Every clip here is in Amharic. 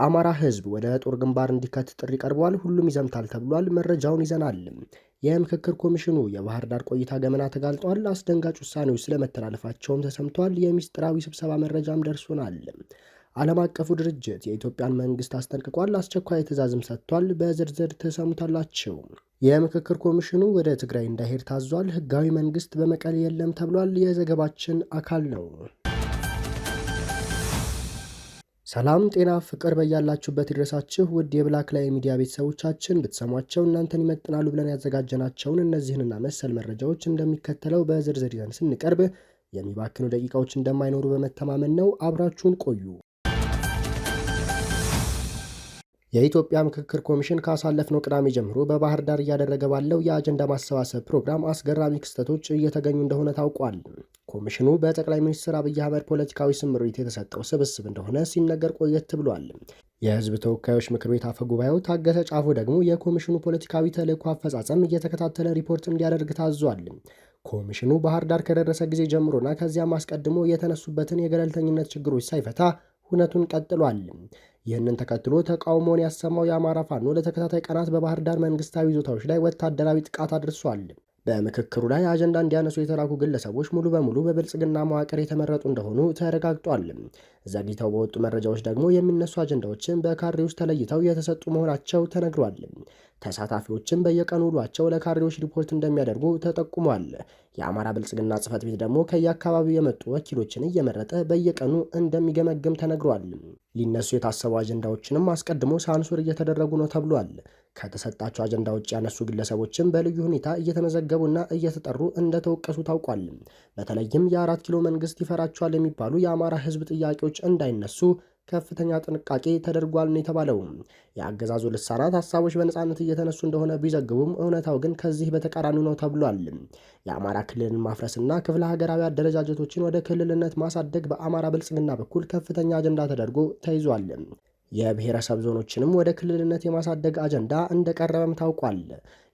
የአማራ ህዝብ ወደ ጦር ግንባር እንዲከት ጥሪ ቀርቧል። ሁሉም ይዘምታል ተብሏል። መረጃውን ይዘናል። የምክክር ኮሚሽኑ የባህር ዳር ቆይታ ገመና ተጋልጧል። አስደንጋጭ ውሳኔዎች ስለመተላለፋቸውም ተሰምቷል። የሚስጥራዊ ስብሰባ መረጃም ደርሶናል። ዓለም አቀፉ ድርጅት የኢትዮጵያን መንግስት አስጠንቅቋል። አስቸኳይ ትእዛዝም ሰጥቷል። በዝርዝር ተሰሙታላቸው። የምክክር ኮሚሽኑ ወደ ትግራይ እንዳይሄድ ታዟል። ህጋዊ መንግስት በመቀሌ የለም ተብሏል። የዘገባችን አካል ነው። ሰላም ጤና ፍቅር በያላችሁበት ይድረሳችሁ ውድ የብላክ ላይ ሚዲያ ቤተሰቦቻችን ብትሰሟቸው እናንተን ይመጥናሉ ብለን ያዘጋጀናቸውን እነዚህንና መሰል መረጃዎች እንደሚከተለው በዝርዝር ይዘን ስንቀርብ የሚባክኑ ደቂቃዎች እንደማይኖሩ በመተማመን ነው። አብራችሁን ቆዩ። የኢትዮጵያ ምክክር ኮሚሽን ካሳለፍነው ቅዳሜ ጀምሮ በባህር ዳር እያደረገ ባለው የአጀንዳ ማሰባሰብ ፕሮግራም አስገራሚ ክስተቶች እየተገኙ እንደሆነ ታውቋል። ኮሚሽኑ በጠቅላይ ሚኒስትር አብይ አህመድ ፖለቲካዊ ስምሪት የተሰጠው ስብስብ እንደሆነ ሲነገር ቆየት ብሏል። የህዝብ ተወካዮች ምክር ቤት አፈ ጉባኤው ታገሰ ጫፎ ደግሞ የኮሚሽኑ ፖለቲካዊ ተልእኮ አፈጻጸም እየተከታተለ ሪፖርት እንዲያደርግ ታዟል። ኮሚሽኑ ባህር ዳር ከደረሰ ጊዜ ጀምሮና ከዚያም አስቀድሞ የተነሱበትን የገለልተኝነት ችግሮች ሳይፈታ ሁነቱን ቀጥሏል። ይህንን ተከትሎ ተቃውሞውን ያሰማው የአማራ ፋኖ ለተከታታይ ቀናት በባህር ዳር መንግስታዊ ይዞታዎች ላይ ወታደራዊ ጥቃት አድርሷል። በምክክሩ ላይ አጀንዳ እንዲያነሱ የተላኩ ግለሰቦች ሙሉ በሙሉ በብልጽግና መዋቅር የተመረጡ እንደሆኑ ተረጋግጧል። ዘግይተው በወጡ መረጃዎች ደግሞ የሚነሱ አጀንዳዎችን በካሬዎች ተለይተው የተሰጡ መሆናቸው ተነግሯል። ተሳታፊዎችም በየቀኑ ውሏቸው ለካሬዎች ሪፖርት እንደሚያደርጉ ተጠቁሟል። የአማራ ብልጽግና ጽህፈት ቤት ደግሞ ከየአካባቢው የመጡ ወኪሎችን እየመረጠ በየቀኑ እንደሚገመግም ተነግሯል። ሊነሱ የታሰቡ አጀንዳዎችንም አስቀድሞ ሳንሱር እየተደረጉ ነው ተብሏል። ከተሰጣቸው አጀንዳ ውጭ ያነሱ ግለሰቦችም በልዩ ሁኔታ እየተመዘገቡና እየተጠሩ እንደተወቀሱ ታውቋል። በተለይም የአራት ኪሎ መንግስት ይፈራቸዋል የሚባሉ የአማራ ህዝብ ጥያቄዎች እንዳይነሱ ከፍተኛ ጥንቃቄ ተደርጓል ነው የተባለው። የአገዛዙ ልሳናት ሀሳቦች በነጻነት እየተነሱ እንደሆነ ቢዘግቡም እውነታው ግን ከዚህ በተቃራኒ ነው ተብሏል። የአማራ ክልልን ማፍረስና ክፍለ ሀገራዊ አደረጃጀቶችን ወደ ክልልነት ማሳደግ በአማራ ብልጽግና በኩል ከፍተኛ አጀንዳ ተደርጎ ተይዟል። የብሔረሰብ ዞኖችንም ወደ ክልልነት የማሳደግ አጀንዳ እንደቀረበም ታውቋል።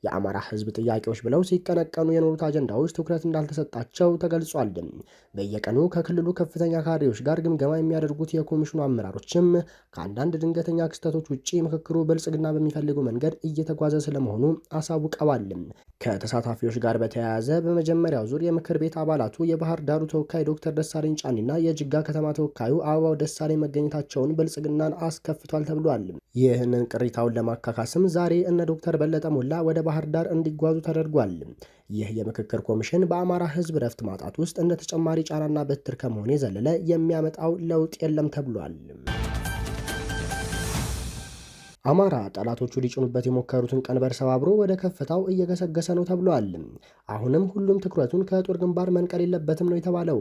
የአማራ ህዝብ ጥያቄዎች ብለው ሲቀነቀኑ የኖሩት አጀንዳዎች ትኩረት እንዳልተሰጣቸው ተገልጿል። በየቀኑ ከክልሉ ከፍተኛ ካድሬዎች ጋር ግምገማ የሚያደርጉት የኮሚሽኑ አመራሮችም ከአንዳንድ ድንገተኛ ክስተቶች ውጭ ምክክሩ ብልጽግና በሚፈልገው መንገድ እየተጓዘ ስለመሆኑ አሳውቀዋል። ከተሳታፊዎች ጋር በተያያዘ በመጀመሪያው ዙር የምክር ቤት አባላቱ የባህር ዳሩ ተወካይ ዶክተር ደሳለኝ ጫኔና የጅጋ ከተማ ተወካዩ አበባው ደሳለኝ መገኘታቸውን ብልጽግናን አስከፍቷል ተብሏል። ይህንን ቅሬታውን ለማካካስም ዛሬ እነ ዶክተር በለጠ ሞላ ወደ ባህር ዳር እንዲጓዙ ተደርጓል። ይህ የምክክር ኮሚሽን በአማራ ህዝብ ረፍት ማጣት ውስጥ እንደ ተጨማሪ ጫናና በትር ከመሆን የዘለለ የሚያመጣው ለውጥ የለም ተብሏል። አማራ ጠላቶቹ ሊጭኑበት የሞከሩትን ቀንበር ሰባብሮ ወደ ከፍታው እየገሰገሰ ነው ተብሏል። አሁንም ሁሉም ትኩረቱን ከጦር ግንባር መንቀል የለበትም ነው የተባለው።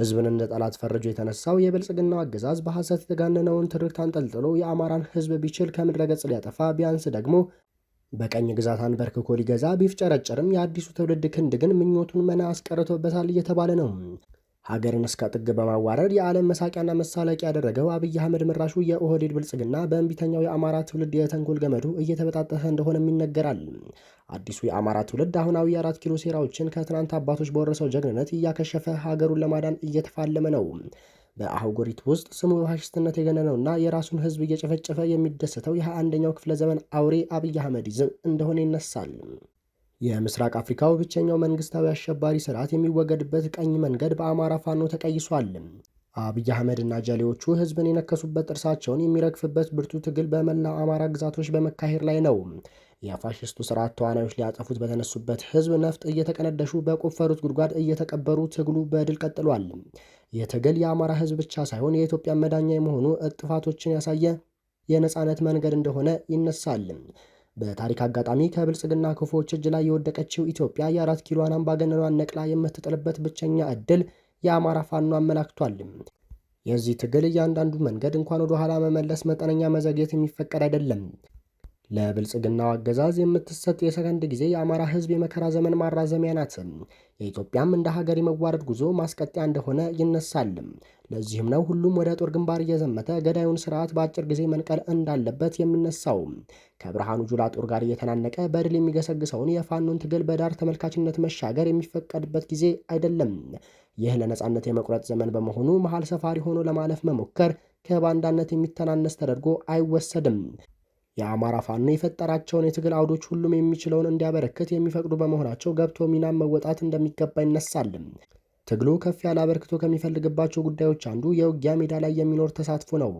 ህዝብን እንደ ጠላት ፈርጆ የተነሳው የብልጽግናው አገዛዝ በሐሰት የተጋነነውን ትርክት አንጠልጥሎ የአማራን ህዝብ ቢችል ከምድረ ገጽ ሊያጠፋ ቢያንስ ደግሞ በቀኝ ግዛት አንበርክኮ ሊገዛ ቢፍጨረጨርም የአዲሱ ትውልድ ክንድ ግን ምኞቱን መና አስቀርቶበታል እየተባለ ነው። ሀገርን እስከ ጥግ በማዋረድ የዓለም መሳቂያና መሳለቂ ያደረገው አብይ አህመድ ምራሹ የኦህዴድ ብልጽግና በእንቢተኛው የአማራ ትውልድ የተንኮል ገመዱ እየተበጣጠሰ እንደሆነም ይነገራል። አዲሱ የአማራ ትውልድ አሁናዊ የአራት ኪሎ ሴራዎችን ከትናንት አባቶች በወረሰው ጀግንነት እያከሸፈ ሀገሩን ለማዳን እየተፋለመ ነው። በአህጉሪቱ ውስጥ ስሙ በፋሽስትነት የገነነው እና የራሱን ህዝብ እየጨፈጨፈ የሚደሰተው የ አንደኛው ክፍለ ዘመን አውሬ አብይ አህመድ እንደሆነ ይነሳል። የምስራቅ አፍሪካው ብቸኛው መንግስታዊ አሸባሪ ስርዓት የሚወገድበት ቀኝ መንገድ በአማራ ፋኖ ተቀይሷል። አብይ አህመድ እና ጀሌዎቹ ህዝብን የነከሱበት ጥርሳቸውን የሚረግፍበት ብርቱ ትግል በመላ አማራ ግዛቶች በመካሄድ ላይ ነው። የፋሽስቱ ስርዓት ተዋናዮች ሊያጠፉት በተነሱበት ህዝብ ነፍጥ እየተቀነደሹ በቆፈሩት ጉድጓድ እየተቀበሩ ትግሉ በድል ቀጥሏል። የትግል የአማራ ህዝብ ብቻ ሳይሆን የኢትዮጵያ መዳኛ የመሆኑ እጥፋቶችን ያሳየ የነፃነት መንገድ እንደሆነ ይነሳል። በታሪክ አጋጣሚ ከብልጽግና ክፉዎች እጅ ላይ የወደቀችው ኢትዮጵያ የአራት ኪሎዋን አምባገነኗን ነቅላ የምትጥልበት ብቸኛ ዕድል የአማራ ፋኖ አመላክቷል። የዚህ ትግል እያንዳንዱ መንገድ እንኳን ወደ ኋላ መመለስ መጠነኛ መዘግየት የሚፈቀድ አይደለም። ለብልጽግናው አገዛዝ የምትሰጥ የሰከንድ ጊዜ የአማራ ህዝብ የመከራ ዘመን ማራዘሚያ ናት። የኢትዮጵያም እንደ ሀገር የመዋረድ ጉዞ ማስቀጠያ እንደሆነ ይነሳልም። ለዚህም ነው ሁሉም ወደ ጦር ግንባር እየዘመተ ገዳዩን ስርዓት በአጭር ጊዜ መንቀል እንዳለበት የሚነሳው። ከብርሃኑ ጁላ ጦር ጋር እየተናነቀ በድል የሚገሰግሰውን የፋኖን ትግል በዳር ተመልካችነት መሻገር የሚፈቀድበት ጊዜ አይደለም። ይህ ለነጻነት የመቁረጥ ዘመን በመሆኑ መሀል ሰፋሪ ሆኖ ለማለፍ መሞከር ከባንዳነት የሚተናነስ ተደርጎ አይወሰድም። የአማራ ፋኖ የፈጠራቸውን የትግል አውዶች ሁሉም የሚችለውን እንዲያበረክት የሚፈቅዱ በመሆናቸው ገብቶ ሚናም መወጣት እንደሚገባ ይነሳል። ትግሉ ከፍ ያለ አበርክቶ ከሚፈልግባቸው ጉዳዮች አንዱ የውጊያ ሜዳ ላይ የሚኖር ተሳትፎ ነው።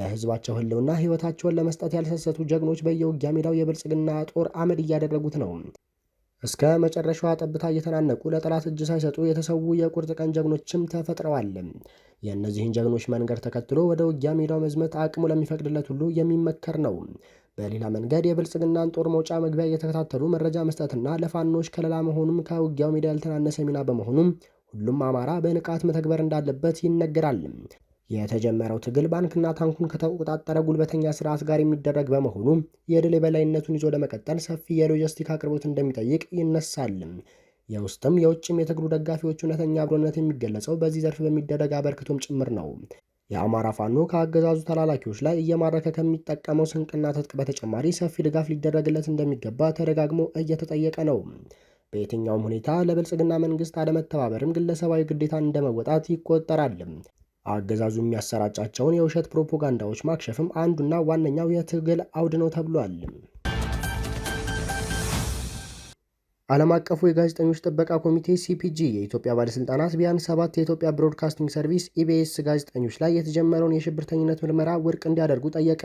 ለህዝባቸው ህልውና ህይወታቸውን ለመስጠት ያልሰሰቱ ጀግኖች በየውጊያ ሜዳው የብልጽግና ጦር አመድ እያደረጉት ነው። እስከ መጨረሻዋ ጠብታ እየተናነቁ ለጠላት እጅ ሳይሰጡ የተሰዉ የቁርጥ ቀን ጀግኖችም ተፈጥረዋል። የእነዚህን ጀግኖች መንገድ ተከትሎ ወደ ውጊያ ሜዳው መዝመት አቅሙ ለሚፈቅድለት ሁሉ የሚመከር ነው። በሌላ መንገድ የብልጽግናን ጦር መውጫ መግቢያ እየተከታተሉ መረጃ መስጠትና ለፋኖች ከለላ መሆኑም ከውጊያው ሜዳ ያልተናነሰ ሚና በመሆኑም ሁሉም አማራ በንቃት መተግበር እንዳለበት ይነገራል። የተጀመረው ትግል ባንክና ታንኩን ከተቆጣጠረ ጉልበተኛ ስርዓት ጋር የሚደረግ በመሆኑ የድል የበላይነቱን ይዞ ለመቀጠል ሰፊ የሎጂስቲክ አቅርቦት እንደሚጠይቅ ይነሳል የውስጥም የውጭም የትግሉ ደጋፊዎች እውነተኛ አብሮነት የሚገለጸው በዚህ ዘርፍ በሚደረግ አበርክቶም ጭምር ነው። የአማራ ፋኖ ከአገዛዙ ተላላኪዎች ላይ እየማረከ ከሚጠቀመው ስንቅና ትጥቅ በተጨማሪ ሰፊ ድጋፍ ሊደረግለት እንደሚገባ ተደጋግሞ እየተጠየቀ ነው። በየትኛውም ሁኔታ ለብልጽግና መንግስት አለመተባበርም ግለሰባዊ ግዴታ እንደመወጣት ይቆጠራል። አገዛዙ የሚያሰራጫቸውን የውሸት ፕሮፓጋንዳዎች ማክሸፍም አንዱና ዋነኛው የትግል አውድ ነው ተብሏል። ዓለም አቀፉ የጋዜጠኞች ጥበቃ ኮሚቴ ሲፒጂ የኢትዮጵያ ባለሥልጣናት ቢያንስ ሰባት የኢትዮጵያ ብሮድካስቲንግ ሰርቪስ ኢቢኤስ ጋዜጠኞች ላይ የተጀመረውን የሽብርተኝነት ምርመራ ውድቅ እንዲያደርጉ ጠየቀ።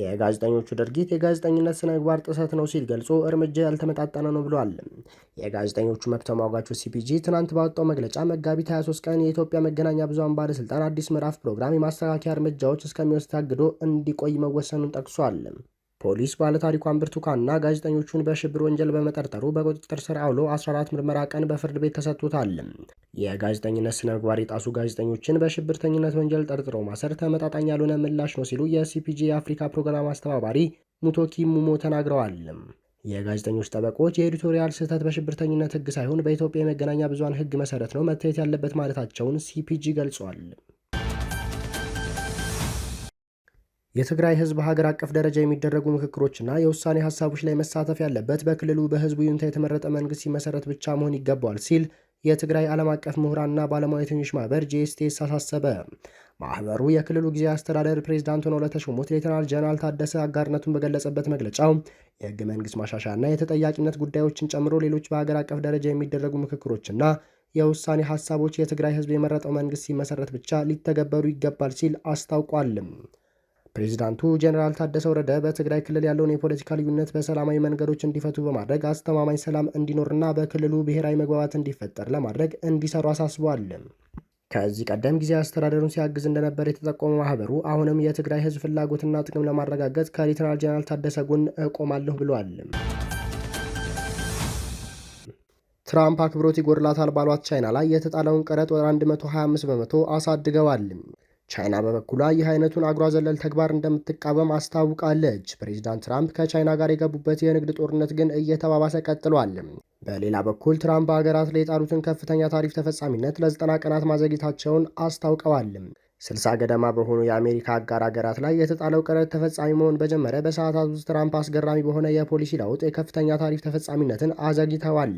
የጋዜጠኞቹ ድርጊት የጋዜጠኝነት ስነ ምግባር ጥሰት ነው ሲል ገልጾ እርምጃ ያልተመጣጠነ ነው ብለዋል። የጋዜጠኞቹ መብት ተሟጋቹ ሲፒጂ ትናንት ባወጣው መግለጫ መጋቢት 23 ቀን የኢትዮጵያ መገናኛ ብዙሃን ባለስልጣን አዲስ ምዕራፍ ፕሮግራም የማስተካከያ እርምጃዎች እስከሚወስድ ታግዶ እንዲቆይ መወሰኑን ጠቅሷል። ፖሊስ ባለታሪኳን ብርቱካንና ጋዜጠኞቹን በሽብር ወንጀል በመጠርጠሩ በቁጥጥር ስር አውሎ 14 ምርመራ ቀን በፍርድ ቤት ተሰጥቶታል። የጋዜጠኝነት ስነ ምግባር የጣሱ ጋዜጠኞችን በሽብርተኝነት ወንጀል ጠርጥሮ ማሰር ተመጣጣኝ ያልሆነ ምላሽ ነው ሲሉ የሲፒጂ የአፍሪካ ፕሮግራም አስተባባሪ ሙቶኪ ሙሞ ተናግረዋል። የጋዜጠኞች ጠበቆች የኤዲቶሪያል ስህተት በሽብርተኝነት ሕግ ሳይሆን በኢትዮጵያ የመገናኛ ብዙሃን ህግ መሰረት ነው መታየት ያለበት ማለታቸውን ሲፒጂ ገልጿል። የትግራይ ህዝብ ሀገር አቀፍ ደረጃ የሚደረጉ ምክክሮችና የውሳኔ ሀሳቦች ላይ መሳተፍ ያለበት በክልሉ በህዝቡ ይሁንታ የተመረጠ መንግስት ሲመሰረት ብቻ መሆን ይገባዋል ሲል የትግራይ ዓለም አቀፍ ምሁራንና ባለሙያተኞች ማህበር ጄስቴስ አሳሰበ። ማህበሩ የክልሉ ጊዜ አስተዳደር ፕሬዚዳንት ሆነው ለተሾሙት ሌተናል ጀነራል ታደሰ አጋርነቱን በገለጸበት መግለጫው የህገ መንግስት ማሻሻያና የተጠያቂነት ጉዳዮችን ጨምሮ ሌሎች በሀገር አቀፍ ደረጃ የሚደረጉ ምክክሮችና የውሳኔ ሀሳቦች የትግራይ ህዝብ የመረጠው መንግስት ሲመሰረት ብቻ ሊተገበሩ ይገባል ሲል አስታውቋልም። ፕሬዚዳንቱ ጀኔራል ታደሰ ወረደ በትግራይ ክልል ያለውን የፖለቲካ ልዩነት በሰላማዊ መንገዶች እንዲፈቱ በማድረግ አስተማማኝ ሰላም እንዲኖርና በክልሉ ብሔራዊ መግባባት እንዲፈጠር ለማድረግ እንዲሰሩ አሳስበዋል። ከዚህ ቀደም ጊዜ አስተዳደሩን ሲያግዝ እንደነበር የተጠቆመ ማህበሩ አሁንም የትግራይ ሕዝብ ፍላጎትና ጥቅም ለማረጋገጥ ከሌተናል ጀኔራል ታደሰ ጎን እቆማለሁ ብለዋል። ትራምፕ አክብሮት ይጎድላታል ባሏት ቻይና ላይ የተጣለውን ቀረጥ ወደ 125 በመቶ አሳድገዋል። ቻይና በበኩሏ ይህ አይነቱን አግሯ ዘለል ተግባር እንደምትቃወም አስታውቃለች። ፕሬዚዳንት ትራምፕ ከቻይና ጋር የገቡበት የንግድ ጦርነት ግን እየተባባሰ ቀጥሏል። በሌላ በኩል ትራምፕ በሀገራት ላይ የጣሉትን ከፍተኛ ታሪፍ ተፈጻሚነት ለዘጠና ቀናት ማዘግየታቸውን አስታውቀዋል። ስልሳ ገደማ በሆኑ የአሜሪካ አጋር ሀገራት ላይ የተጣለው ቀረጥ ተፈጻሚ መሆን በጀመረ በሰዓታት ውስጥ ትራምፕ አስገራሚ በሆነ የፖሊሲ ለውጥ የከፍተኛ ታሪፍ ተፈጻሚነትን አዘግይተዋል።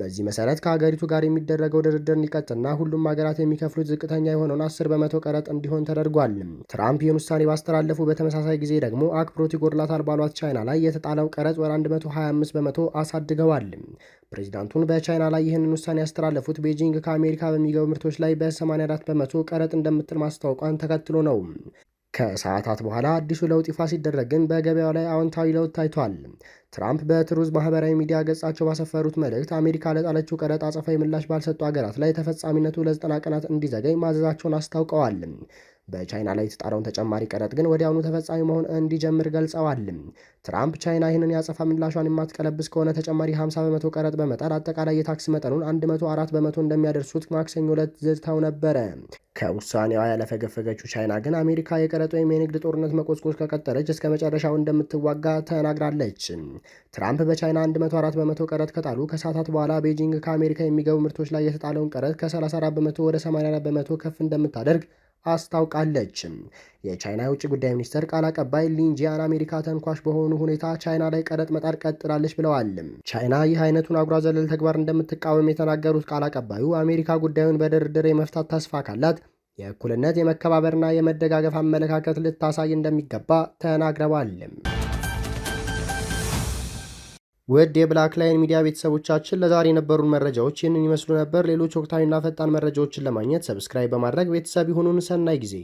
በዚህ መሰረት ከሀገሪቱ ጋር የሚደረገው ድርድር እንዲቀጥና ሁሉም ሀገራት የሚከፍሉት ዝቅተኛ የሆነውን አስር በመቶ ቀረጥ እንዲሆን ተደርጓል። ትራምፕ ይህን ውሳኔ ባስተላለፉ በተመሳሳይ ጊዜ ደግሞ አክብሮት ይጎድላታል ባሏት ቻይና ላይ የተጣለው ቀረጥ ወደ 125 በመቶ አሳድገዋል። ፕሬዚዳንቱን በቻይና ላይ ይህንን ውሳኔ ያስተላለፉት ቤጂንግ ከአሜሪካ በሚገቡ ምርቶች ላይ በ84 በመቶ ቀረጥ እንደምትል ማስታወቋን ተከትሎ ነው። ከሰዓታት በኋላ አዲሱ ለውጥ ይፋ ሲደረግ ግን በገበያው ላይ አዎንታዊ ለውጥ ታይቷል። ትራምፕ በትሩዝ ማህበራዊ ሚዲያ ገጻቸው ባሰፈሩት መልእክት አሜሪካ ለጣለችው ቀረጥ አጸፋዊ ምላሽ ባልሰጡ ሀገራት ላይ ተፈጻሚነቱ ለዘጠና ቀናት እንዲዘገይ ማዘዛቸውን አስታውቀዋል። በቻይና ላይ የተጣለውን ተጨማሪ ቀረጥ ግን ወዲያውኑ ተፈጻሚ መሆን እንዲጀምር ገልጸዋል። ትራምፕ ቻይና ይህንን የአጸፋ ምላሿን የማትቀለብስ ከሆነ ተጨማሪ 50 በመቶ ቀረጥ በመጣል አጠቃላይ የታክስ መጠኑን 104 በመቶ እንደሚያደርሱት ማክሰኞ ዕለት ዝተው ነበረ። ከውሳኔዋ ያለፈገፈገችው ቻይና ግን አሜሪካ የቀረጥ ወይም የንግድ ጦርነት መቆስቆስ ከቀጠለች እስከ መጨረሻው እንደምትዋጋ ተናግራለች። ትራምፕ በቻይና 104 በመቶ ቀረጥ ከጣሉ ከሰዓታት በኋላ ቤጂንግ ከአሜሪካ የሚገቡ ምርቶች ላይ የተጣለውን ቀረጥ ከ34 በመቶ ወደ 84 በመቶ ከፍ እንደምታደርግ አስታውቃለች። የቻይና የውጭ ጉዳይ ሚኒስትር ቃል አቀባይ ሊንጂያን አሜሪካ ተንኳሽ በሆኑ ሁኔታ ቻይና ላይ ቀረጥ መጣል ቀጥላለች ብለዋል። ቻይና ይህ አይነቱን አጉራ ዘለል ተግባር እንደምትቃወም የተናገሩት ቃል አቀባዩ አሜሪካ ጉዳዩን በድርድር የመፍታት ተስፋ ካላት የእኩልነት የመከባበርና የመደጋገፍ አመለካከት ልታሳይ እንደሚገባ ተናግረዋል። ውድ የብላክ ላይን ሚዲያ ቤተሰቦቻችን ለዛሬ የነበሩን መረጃዎች ይህንን ይመስሉ ነበር። ሌሎች ወቅታዊና ፈጣን መረጃዎችን ለማግኘት ሰብስክራይብ በማድረግ ቤተሰብ ይሁኑን። ሰናይ ጊዜ